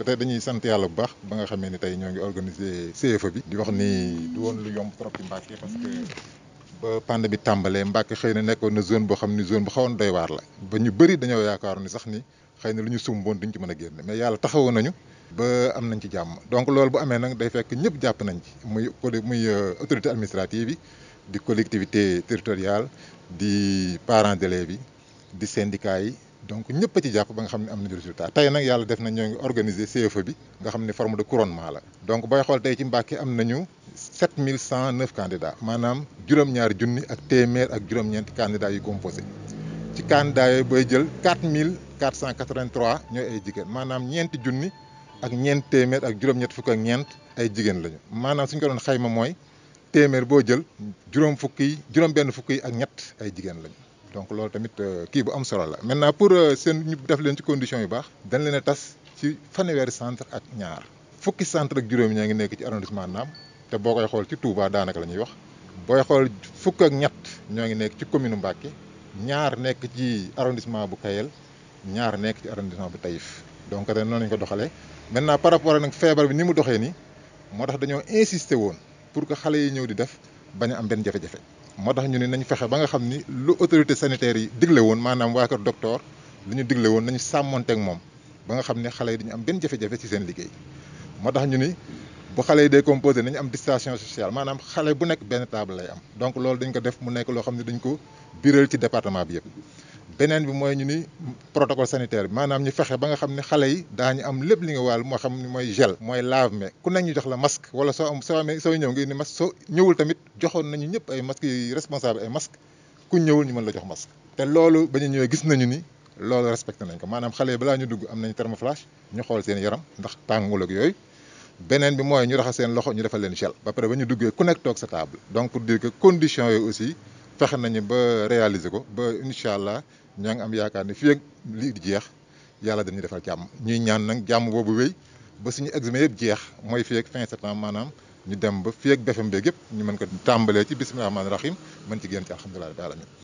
ba tey dañuy sant yàlla bu baax ba nga xamee ni tey ñoo ngi organiser CFA bi. di wax ni du woon lu yomb trop ci Mbacke parce que ba pandémie bi tàmbalee Mbacke xëy na nekkoon na zone boo xam ni zone bu xawoon day waar la. ba ñu bëri dañoo yaakaar ni sax ni xëy na lu ñu sumboon ñu ci mën a génn mais yàlla taxawoon nañu. ba am nañ ci jàmm donc loolu bu amee nag day fekk ñëpp jàpp nañ ci muy muy euh, autorité administrative yi di collectivité territoriale di parents d'élèves yi di syndicats yi. donc ñëpp ci jàpp ba nga xam ne am nañu résultat tey nag yàlla def na ñoo ngi organiser CFE bi nga xam ne forme de couronnement la donc booy xool tey ci Mbàkke am nañu 7109 candidats maanaam juróom-ñaari junni ak téeméer ak juróom-ñeenti candidats yu composé ci candidats yooyu booy jël 4483 ñooy ay jigéen maanaam ñeenti junni ak ñeent téeméer ak juróom-ñett fukk ak ñeent ay jigéen lañu maanaam suñ ko doon xayma mooy téeméer boo jël juróom fukk yi juróom benn fukk ak ñett ay jigéen lañu donc loolu tamit euh, kii bu am solo la maintenant pour euh, seen ñu def leen ci condition yu baax dañ leen tas ci fanweeri centre ak ñaar fukki centre ak juróomi ñaa ngi nekk ci arrondissement Naam te boo koy xool ci Touba daanaka la ñuy wax booy xool fukk ak ñett ñoo ngi nekk ci commune Mbacké ñaar nekk ci arrondissement bu Kayel ñaar nekk ci arrondissement bu Taïf donc ren noonu lañ ko doxalee maintenant par rapport a nag feebar bi ni mu doxee ni moo tax dañoo insister woon pour que xale yi ñëw di def bañ am benn jafe-jafe moo tax ñu ne nañu fexe ba nga xam ni lu autorité sanitaire yi digle woon maanaam waa kër docteur lu ñu digle woon nañu sàmmonteeg moom ba nga xam ne xale yi dañu am benn jafe ci seen liggéey moo tax ñu ni xale yi décomposé nañu am distanciation sociale maanaam xale bu nekk benn table lay am donc loolu dañ ko def mu nekk loo xam ne dañ ko biral ci département bi yëpp beneen bi mooy ñu ni protocole sanitaire bi maanaam ñu fexe ba nga xam ne xale yi daañu am lép li nga waal moo xam ne mooy gel mooy lave-mains ku nekk ñu jox la masque wala soo am soo amee soo ñëw nga indi masque soo ñëwul tamit joxoon nañu ñëpp ay masques yi responsable ay masques ku ñëwul ñu mën la jox masque. te loolu ba ñu ñëwee gis nañu ni loolu respecté nañ ko maanaam xale balaa ñu dugg am nañ thermoflash ñu xool seen yaram ndax tàngul ak yooyu beneen bi mooy ñu raxas seen loxo ñu defal leen gel. ba pare ba ñu duggee ku nekk toog sa table. donc pour dire que conditions yooyu aussi fexe nañu ba réaliser ko ba incha allah ñoo ngi am yaakaar ni fii ak lii di jeex yàlla dañuy defal jàmm ñuy ñaan nag jàmm boobu wéy ba suñu examen yëpp jeex mooy fii ak fin septembre maanaam ñu dem ba fii ak BFM beeg yëpp ñu mën ko tàmbalee ci bisimilah rahmaani rahim mën ci génn ci alhamdulilah rabbil alamin